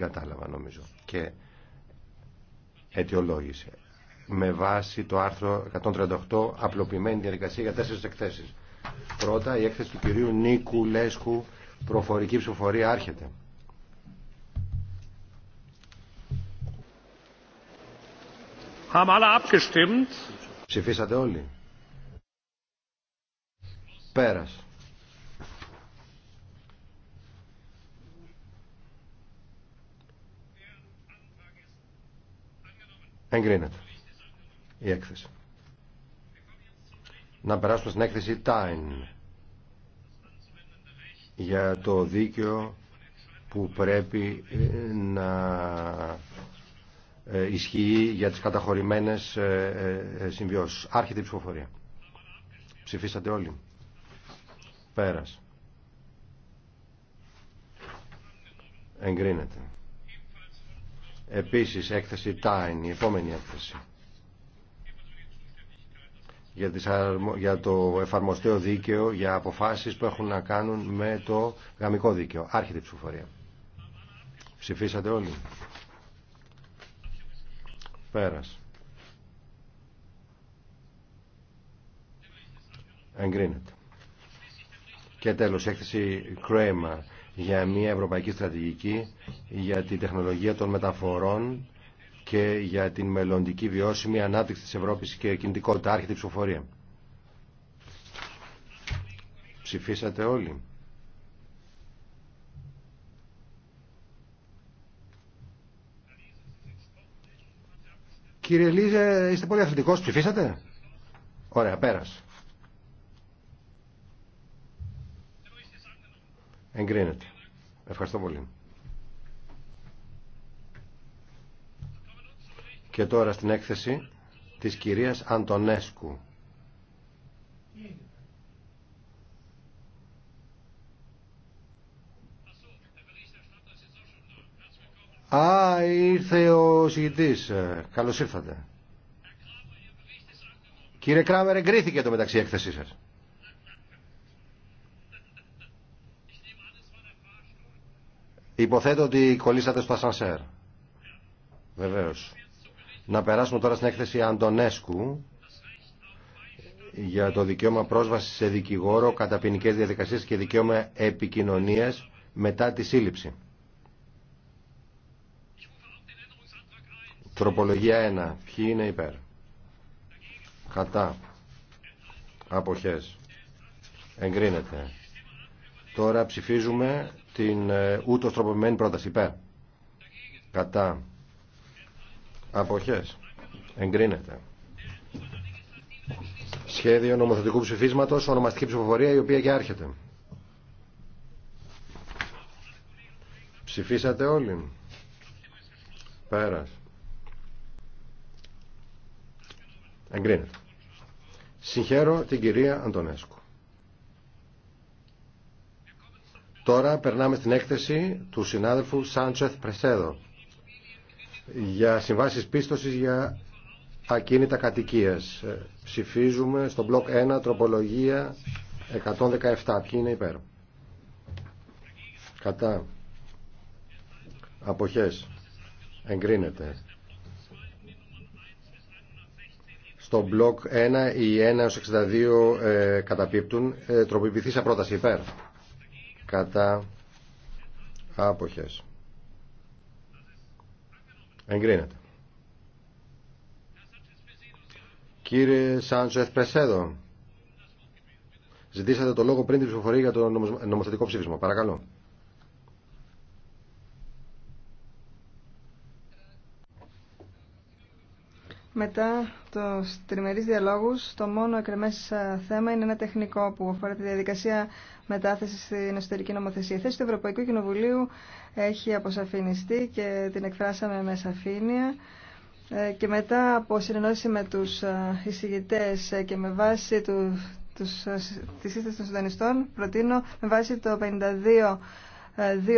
κατάλαβα νομίζω και αιτιολόγησε με βάση το άρθρο 138 απλοποιημένη διαδικασία για τέσσερις εκθέσεις. Πρώτα η έκθεση του κυρίου Νίκου Λέσχου προφορική ψηφοφορία άρχεται. Ψηφίσατε όλοι. Πέρας. Εγκρίνεται η έκθεση. Να περάσουμε στην έκθεση τάιν για το δίκαιο που πρέπει ε, να ε, ισχύει για τις καταχωρημένες ε, συμβιώσεις. Άρχεται η ψηφοφορία. Ψηφίσατε όλοι. Πέρας. Εγκρίνεται. Επίσης, έκθεση Time, η επόμενη έκθεση. Για, τις, για το εφαρμοστέο δίκαιο, για αποφάσεις που έχουν να κάνουν με το γαμικό δίκαιο. Άρχεται η ψηφοφορία. Ψηφίσατε όλοι. Πέρας. Εγκρίνεται. Και τέλος, έκθεση Κρέμα για μια ευρωπαϊκή στρατηγική για την τεχνολογία των μεταφορών και για την μελλοντική βιώσιμη ανάπτυξη της Ευρώπης και κινητικότητα. Άρχεται η ψηφοφορία. Ψηφίσατε όλοι. Κύριε Λίζε, είστε πολύ αθλητικός. Ψηφίσατε. Ωραία, πέρασε. Εγκρίνεται. Ευχαριστώ πολύ. Και τώρα στην έκθεση της κυρίας Αντωνέσκου. Α, ήρθε ο συγητής. Καλώς ήρθατε. Κύριε Κράμερ, εγκρίθηκε το μεταξύ έκθεσή σας. Υποθέτω ότι κολλήσατε στο ασανσέρ. Βεβαίως. Να περάσουμε τώρα στην έκθεση Αντωνέσκου για το δικαίωμα πρόσβαση σε δικηγόρο κατά ποινικέ διαδικασίες και δικαίωμα επικοινωνίας μετά τη σύλληψη. Τροπολογία 1. Ποιοι είναι υπέρ. Κατά. Αποχές. Εγκρίνεται. Τώρα ψηφίζουμε την ε, ούτως τροποποιημένη πρόταση υπέρ κατά αποχές εγκρίνεται σχέδιο νομοθετικού ψηφίσματος ονομαστική ψηφοφορία η οποία και άρχεται ψηφίσατε όλοι πέρας εγκρίνεται συγχαίρω την κυρία Αντωνέσκου Τώρα περνάμε στην έκθεση του συνάδελφου Σάντσεθ Πρεσέδο για συμβάσεις πίστοσης για ακίνητα κατοικίες. Ε, ψηφίζουμε στο μπλοκ 1 τροπολογία 117. Ποιοι είναι υπέρ. Κατά. Αποχές. Εγκρίνεται. Στο μπλοκ 1 οι 1 62 καταπίπτουν. Ε, τροποποιηθήσα πρόταση υπέρ κατά άποχες εγκρίνεται Κύριε Σάντσεφ Εθπρεσέδο, ζητήσατε το λόγο πριν την ψηφοφορία για το νομοθετικό ψήφισμα. Παρακαλώ. Μετά του τριμερείς διαλόγους, το μόνο εκρεμές ε, θέμα είναι ένα τεχνικό που αφορά τη διαδικασία μετάθεσης στην εσωτερική νομοθεσία. Η θέση του Ευρωπαϊκού Κοινοβουλίου έχει αποσαφινιστεί και την εκφράσαμε με σαφήνεια. Ε, και μετά από συνεννόηση με τους ε, εισηγητές και με βάση του, τους, τη σύσταση των συντονιστών, προτείνω με βάση το 52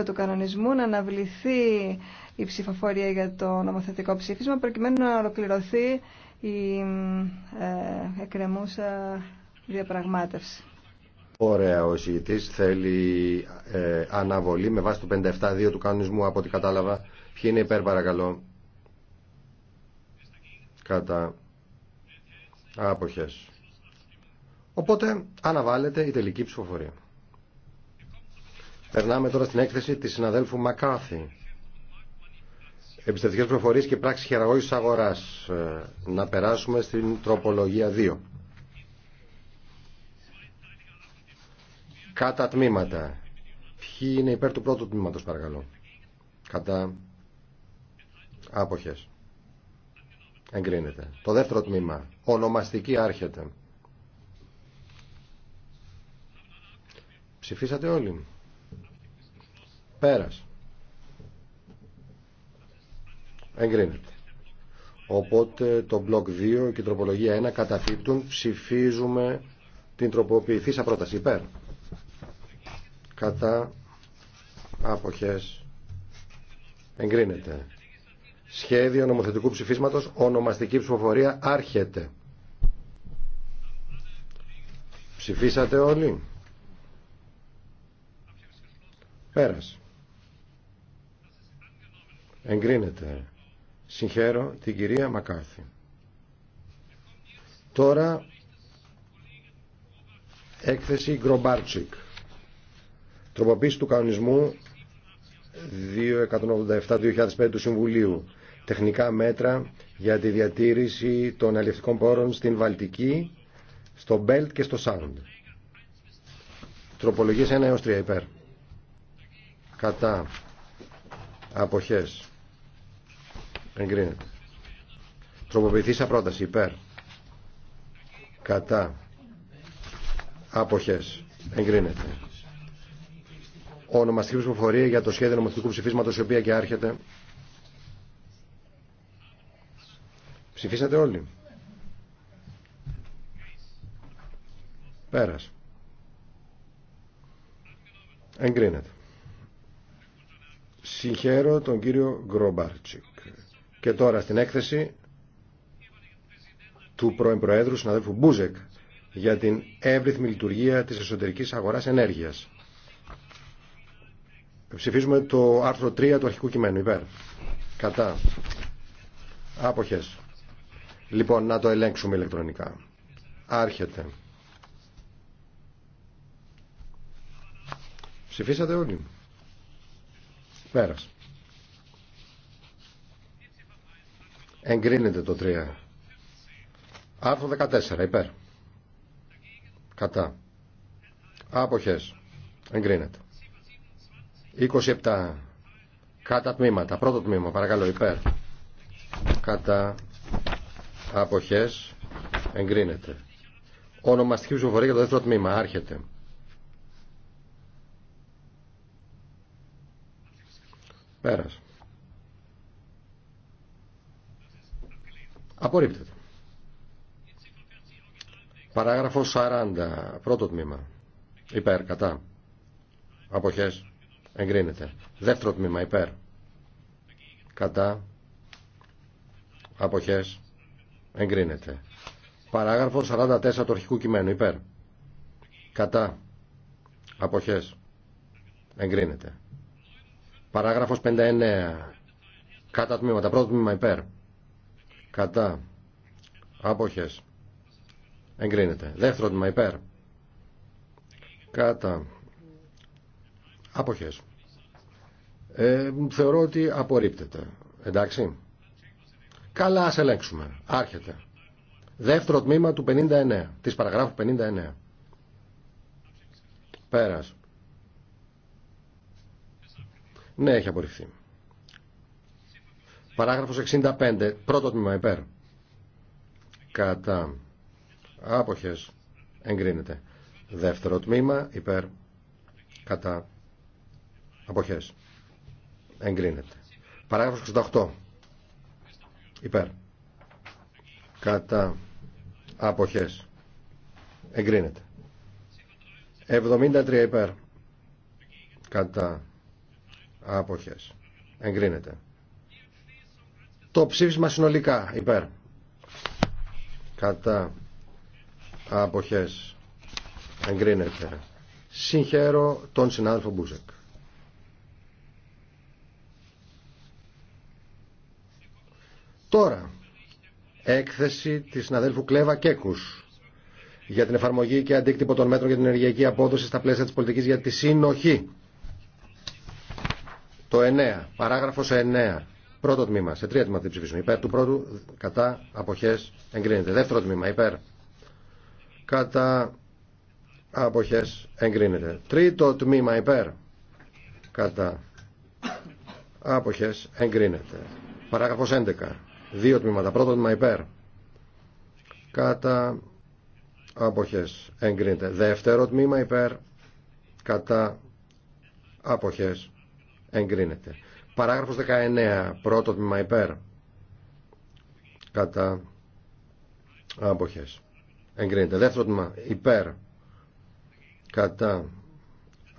2 του κανονισμού να αναβληθεί η ψηφοφορία για το νομοθετικό ψήφισμα προκειμένου να ολοκληρωθεί η ε, εκκρεμούσα διαπραγμάτευση. Ωραία, ο εισηγητή θέλει ε, αναβολή με βάση το 57.2 του κανονισμού από ό,τι κατάλαβα. Ποιοι είναι υπέρ, παρακαλώ. Κατά. Άποχες. Οπότε αναβάλλεται η τελική ψηφοφορία. Περνάμε τώρα στην έκθεση της συναδέλφου Μακάθη. Επιστευτικές προφορίες και πράξη χειραγώγησης αγοράς. Ε, να περάσουμε στην τροπολογία 2. Κατά τμήματα. Ποιοι είναι υπέρ του πρώτου τμήματος παρακαλώ. Κατά άποχες. Εγκρίνεται. Το δεύτερο τμήμα. Ονομαστική άρχεται. Ψηφίσατε όλοι. Πέρας. Εγκρίνεται. Οπότε το μπλοκ 2 και η τροπολογία 1 καταφύπτουν. Ψηφίζουμε την τροποποιηθήσα πρόταση υπέρ. Κατά αποχές εγκρίνεται. Σχέδιο νομοθετικού ψηφίσματος, ονομαστική ψηφοφορία άρχεται. Ψηφίσατε όλοι. Πέρασε. Εγκρίνεται. Συγχαίρω την κυρία Μακάρθη. Τώρα έκθεση Γκρομπάρτσικ. Τροποποίηση του κανονισμού 287-2005 του Συμβουλίου. Τεχνικά μέτρα για τη διατήρηση των αλληλευτικών πόρων στην Βαλτική, στο Μπέλτ και στο Σάουντ. Τροπολογίες 1 έως 3 υπέρ. Κατά. Αποχές. Εγκρίνεται. Τροποποιηθήσα πρόταση υπέρ. Κατά. Αποχές. Εγκρίνεται. Ονομαστική ψηφοφορία για το σχέδιο νομοθετικού ψηφίσματος η οποία και άρχεται. Ψηφίσατε όλοι. Πέρας. Εγκρίνεται. Συγχαίρω τον κύριο Γκρομπάρτσικ. Και τώρα στην έκθεση του πρώην Προέδρου συναδέλφου Μπούζεκ για την εύρυθμη λειτουργία της εσωτερικής αγοράς ενέργειας. Ψηφίζουμε το άρθρο 3 του αρχικού κειμένου. Υπέρ. Κατά. Άποχες. Λοιπόν, να το ελέγξουμε ηλεκτρονικά. Άρχεται. Ψηφίσατε όλοι. Πέρασε. Εγκρίνεται το 3. Άρθρο 14. Υπέρ. Κατά. Αποχές. Εγκρίνεται. 27. Κατά τμήματα. Πρώτο τμήμα. Παρακαλώ. Υπέρ. Κατά. Αποχές. Εγκρίνεται. Ονομαστική ψηφοφορία για το δεύτερο τμήμα. Άρχεται. Πέρασε. Απορρίπτεται. Παράγραφος 40, πρώτο τμήμα. Υπέρ, κατά. Αποχές. Εγκρίνεται. Δεύτερο τμήμα, υπέρ. Κατά. Αποχές. Εγκρίνεται. Παράγραφο 44 του αρχικού κειμένου, υπέρ. Κατά. Αποχές. Εγκρίνεται. Παράγραφος 59. Κατά τμήματα. Πρώτο τμήμα υπέρ κατά άποχες εγκρίνεται δεύτερο τμήμα υπέρ κατά άποχες ε, θεωρώ ότι απορρίπτεται εντάξει καλά ας ελέγξουμε άρχεται δεύτερο τμήμα του 59 της παραγράφου 59 πέρας ναι έχει απορριφθεί Παράγραφος 65. Πρώτο τμήμα υπέρ. Κατά. Άποχες. Εγκρίνεται. Δεύτερο τμήμα υπέρ. Κατά. Αποχές. Εγκρίνεται. Παράγραφος 68. Υπέρ. Κατά. Αποχές. Εγκρίνεται. 73 υπέρ. Κατά. Αποχές. Εγκρίνεται το ψήφισμα συνολικά υπέρ κατά αποχές εγκρίνεται συγχαίρω τον συνάδελφο Μπούζεκ τώρα έκθεση της συναδέλφου Κλέβα Κέκους για την εφαρμογή και αντίκτυπο των μέτρων για την ενεργειακή απόδοση στα πλαίσια της πολιτικής για τη συνοχή το 9 παράγραφος 9 Πρώτο τμήμα. Σε τρία τμήματα την ψηφίσουμε. Υπέρ του πρώτου, κατά, αποχές, εγκρίνεται. Δεύτερο τμήμα, υπέρ, κατά, αποχές, εγκρίνεται. Τρίτο τμήμα, υπέρ, κατά, αποχές, εγκρίνεται. Παράγραφος 11. Δύο τμήματα. Πρώτο τμήμα, υπέρ, κατά, αποχές, εγκρίνεται. Δεύτερο τμήμα, υπέρ, κατά, αποχές, εγκρίνεται. Παράγραφος 19. Πρώτο τμήμα υπέρ. Κατά αποχές. Εγκρίνεται. Δεύτερο τμήμα υπέρ. Κατά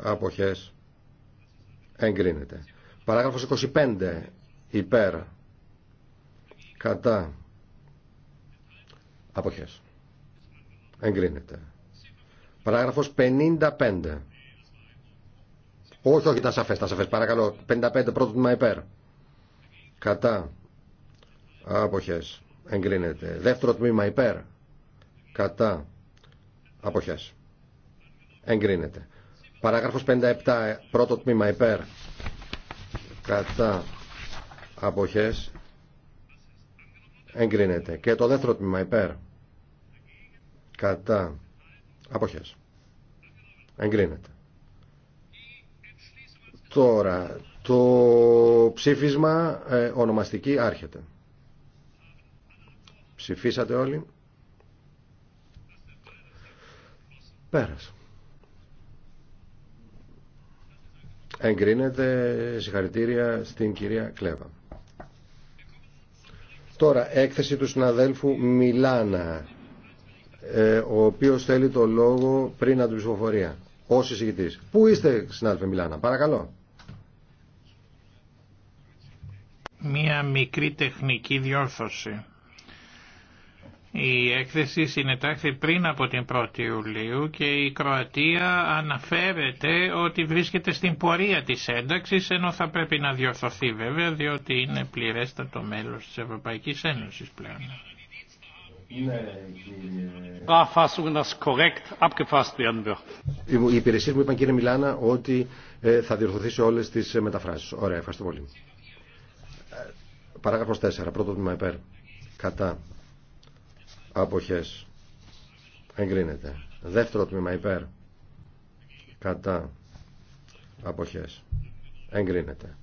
αποχές. Εγκρίνεται. Παράγραφος 25. Υπέρ. Κατά αποχές. Εγκρίνεται. Παράγραφος 55 όχι, όχι, ήταν σαφέ, ήταν σαφέ. Παρακαλώ, 55 πρώτο τμήμα υπέρ. Κατά. Αποχέ. Εγκρίνεται. Δεύτερο τμήμα υπέρ. Κατά. Αποχέ. Εγκρίνεται. Παράγραφος 57, πρώτο τμήμα υπέρ. Κατά. Αποχές. Εγκρίνεται. Και το δεύτερο τμήμα υπέρ. Κατά. Αποχές. Εγκρίνεται. Τώρα, το ψήφισμα ε, ονομαστική άρχεται. Ψηφίσατε όλοι. Πέρασε. Εγκρίνεται συγχαρητήρια στην κυρία Κλέβα. Τώρα, έκθεση του συναδέλφου Μιλάνα, ε, ο οποίος θέλει το λόγο πριν από την ψηφοφορία, ως εισηγητής. Πού είστε, συνάδελφε Μιλάνα, παρακαλώ. μία μικρή τεχνική διόρθωση. Η έκθεση συνετάχθη πριν από την 1η Ιουλίου και η Κροατία αναφέρεται ότι βρίσκεται στην πορεία της ένταξης ενώ θα πρέπει να διορθωθεί βέβαια διότι είναι πληρέστατο μέλος της Ευρωπαϊκής Ένωσης πλέον. Οι υπηρεσίες ah, μου είπαν κύριε Μιλάνα ότι ε, θα διορθωθεί σε όλες τι ε, μεταφράσει. Ωραία, ευχαριστώ πολύ. Παράγραφος 4. Πρώτο τμήμα υπέρ. Κατά. Αποχές. Εγκρίνεται. Δεύτερο τμήμα υπέρ. Κατά. Αποχές. Εγκρίνεται.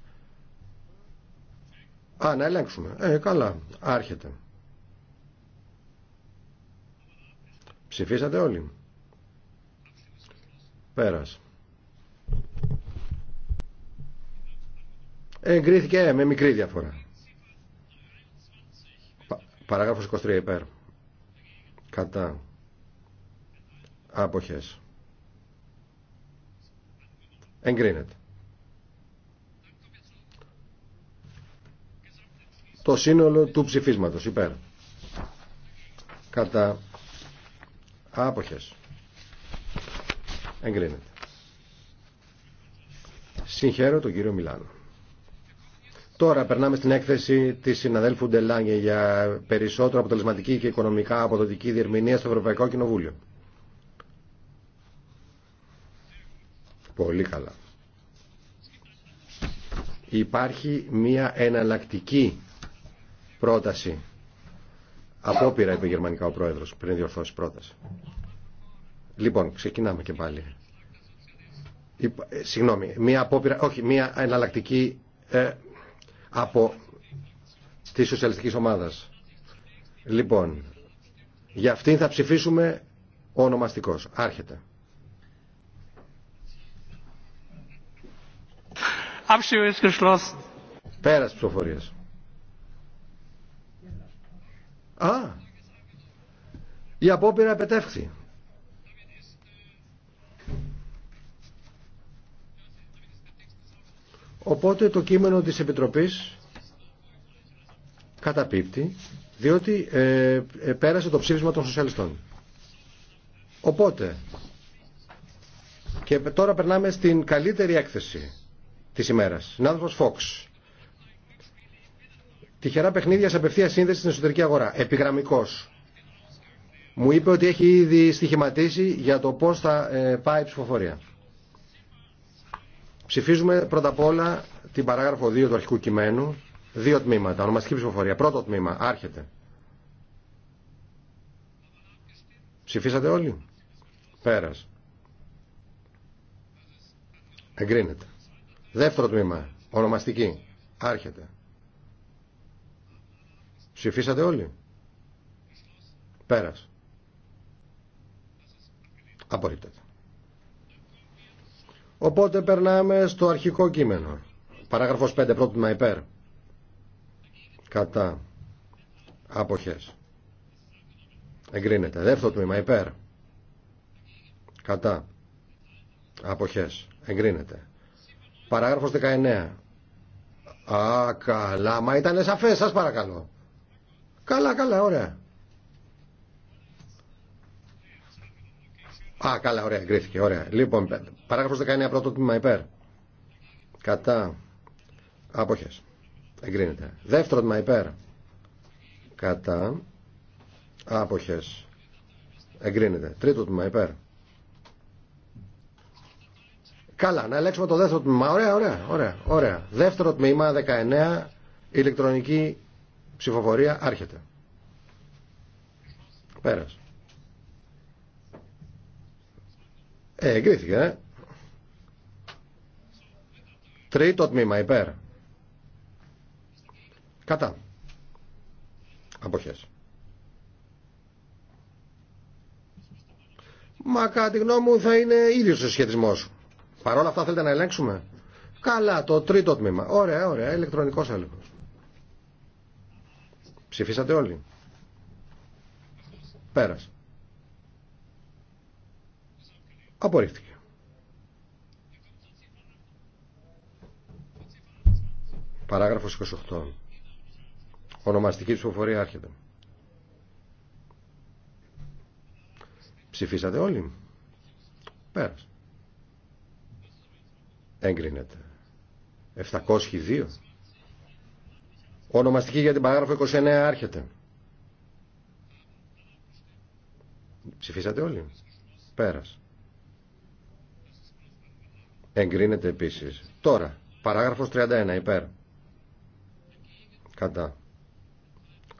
Α, να ελέγξουμε. Ε, καλά. Άρχεται. Ψηφίσατε όλοι. Πέρας. Εγκρίθηκε με μικρή διαφορά. Παράγραφος 23 υπέρ. Κατά. Άποχες. Εγκρίνεται. Το σύνολο του ψηφίσματος υπέρ. Κατά. Άποχες. Εγκρίνεται. Συγχαίρω τον κύριο Μιλάνο. Τώρα περνάμε στην έκθεση τη συναδέλφου Ντελάνγκε για περισσότερο αποτελεσματική και οικονομικά αποδοτική διερμηνία στο Ευρωπαϊκό Κοινοβούλιο. Πολύ καλά. Υπάρχει μία εναλλακτική πρόταση. Απόπειρα είπε γερμανικά ο πρόεδρο πριν διορθώσει πρόταση. Λοιπόν, ξεκινάμε και πάλι. Ε, συγγνώμη, μία απόπειρα, όχι, μία εναλλακτική ε, από τη σοσιαλιστική ομάδα. Λοιπόν, για αυτήν θα ψηφίσουμε ονομαστικό Άρχεται. Πέρας ψηφοφορία. Α, η απόπειρα επετεύχθη. Οπότε το κείμενο της Επιτροπής καταπίπτει, διότι ε, ε, πέρασε το ψήφισμα των σοσιαλιστών. Οπότε, και τώρα περνάμε στην καλύτερη έκθεση της ημέρας. Συνάδελφος Φόξ. Τυχερά παιχνίδια σε απευθεία σύνδεση στην εσωτερική αγορά. Επιγραμμικός. Μου είπε ότι έχει ήδη στοιχηματίσει για το πώς θα ε, πάει η ψηφοφορία. Ψηφίζουμε πρώτα απ' όλα την παράγραφο 2 του αρχικού κειμένου. Δύο τμήματα. Ονομαστική ψηφοφορία. Πρώτο τμήμα. Άρχεται. Ψηφίσατε όλοι. Πέρας. Εγκρίνεται. Δεύτερο τμήμα. Ονομαστική. Άρχεται. Ψηφίσατε όλοι. Πέρας. Απορρίπτεται. Οπότε περνάμε στο αρχικό κείμενο. Παράγραφος 5 πρώτο υπέρ. Κατά. Αποχές. Εγκρίνεται. Δεύτερο τμήμα υπέρ. Κατά. Αποχές. Εγκρίνεται. Παράγραφος 19. Α, καλά. Μα ήταν σαφές. Σας παρακαλώ. Καλά, καλά. Ωραία. Α, καλά, ωραία, εγκρίθηκε, ωραία. Λοιπόν, παράγραφος 19, πρώτο τμήμα υπέρ. Κατά. Αποχές. Εγκρίνεται. Δεύτερο τμήμα υπέρ. Κατά. Αποχές. Εγκρίνεται. Τρίτο τμήμα υπέρ. Καλά, να ελέγξουμε το δεύτερο τμήμα. Ωραία, ωραία, ωραία, ωραία. Δεύτερο τμήμα, 19, ηλεκτρονική ψηφοφορία, άρχεται. Πέρας. Ε, εγκρίθηκε, ε. Τρίτο τμήμα, υπέρ. Κατά. Αποχές. Μα κάτι τη γνώμη μου θα είναι ίδιος ο σχετισμός. Παρ' όλα αυτά θέλετε να ελέγξουμε. Καλά, το τρίτο τμήμα. Ωραία, ωραία, ηλεκτρονικός έλεγχος. Ψηφίσατε όλοι. Πέρασε. Απορρίφθηκε. Παράγραφος 28. Ονομαστική ψηφοφορία άρχεται. Ψηφίσατε όλοι. Πέρασε. Έγκρινεται. 702. Ονομαστική για την παράγραφο 29 άρχεται. Ψηφίσατε όλοι. Πέρασε. Εγκρίνεται επίσης. Τώρα, παράγραφος 31 υπέρ. Κατά.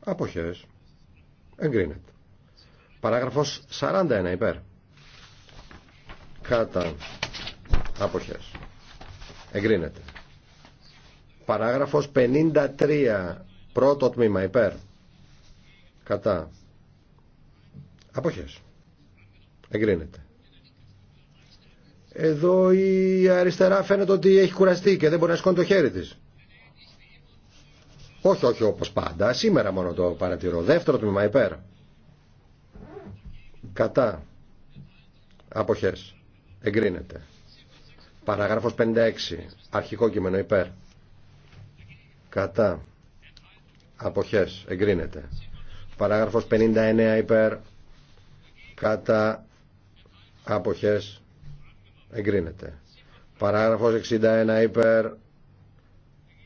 Αποχές. Εγκρίνεται. Παράγραφος 41 υπέρ. Κατά. Αποχές. Εγκρίνεται. Παράγραφος 53. Πρώτο τμήμα υπέρ. Κατά. Αποχές. Εγκρίνεται. Εδώ η αριστερά φαίνεται ότι έχει κουραστεί και δεν μπορεί να σηκώνει το χέρι της. Όχι, όχι όπως πάντα. Σήμερα μόνο το παρατηρώ. Δεύτερο τμήμα υπέρ. Κατά. Αποχές. Εγκρίνεται. Παράγραφος 56. Αρχικό κείμενο υπέρ. Κατά. Αποχές. Εγκρίνεται. Παράγραφος 59 υπέρ. Κατά. Αποχές εγκρίνεται. Παράγραφος 61 υπέρ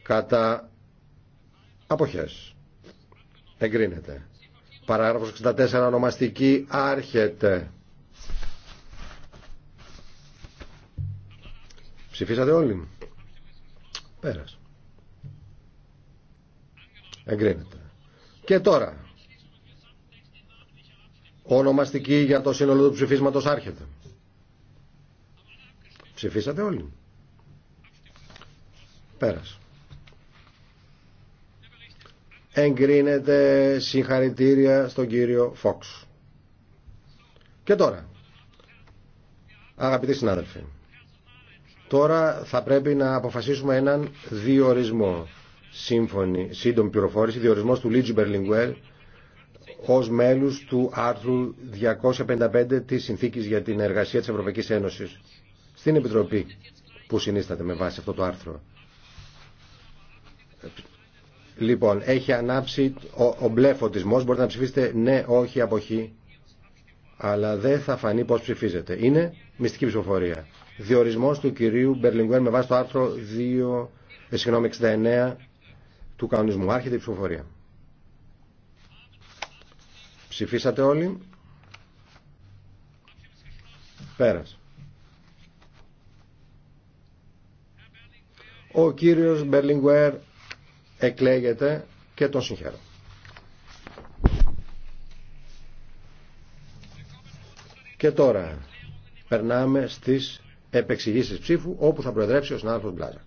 κατά αποχές εγκρίνεται. Παράγραφος 64 ονομαστική άρχεται. Ψηφίσατε όλοι. Πέρας. Εγκρίνεται. Και τώρα. Ονομαστική για το σύνολο του ψηφίσματος άρχεται. Ψηφίσατε όλοι. Πέρας. Εγκρίνεται συγχαρητήρια στον κύριο Φόξ. Και τώρα, αγαπητοί συνάδελφοι, τώρα θα πρέπει να αποφασίσουμε έναν διορισμό σύμφωνη, σύντομη πληροφόρηση, διορισμός του Λίτζι Μπερλιγκουέρ ως μέλους του άρθρου 255 της Συνθήκης για την Εργασία της Ευρωπαϊκής Ένωσης την Επιτροπή που συνίσταται με βάση αυτό το άρθρο. Λοιπόν, έχει ανάψει ο, ο μπλε φωτισμός, μπορείτε να ψηφίσετε ναι, όχι, αποχή, αλλά δεν θα φανεί πώς ψηφίζετε. Είναι μυστική ψηφοφορία. Διορισμός του κυρίου Μπερλιγκουέν με βάση το άρθρο 2, 69 ε, του κανονισμού. Άρχεται η ψηφοφορία. Ψηφίσατε όλοι. Πέρασε. Ο κύριος Μπερλιγκουέρ εκλέγεται και τον συγχαίρω. Και τώρα περνάμε στις επεξηγήσεις ψήφου όπου θα προεδρεύσει ο συνάδελφος Μπλάζα.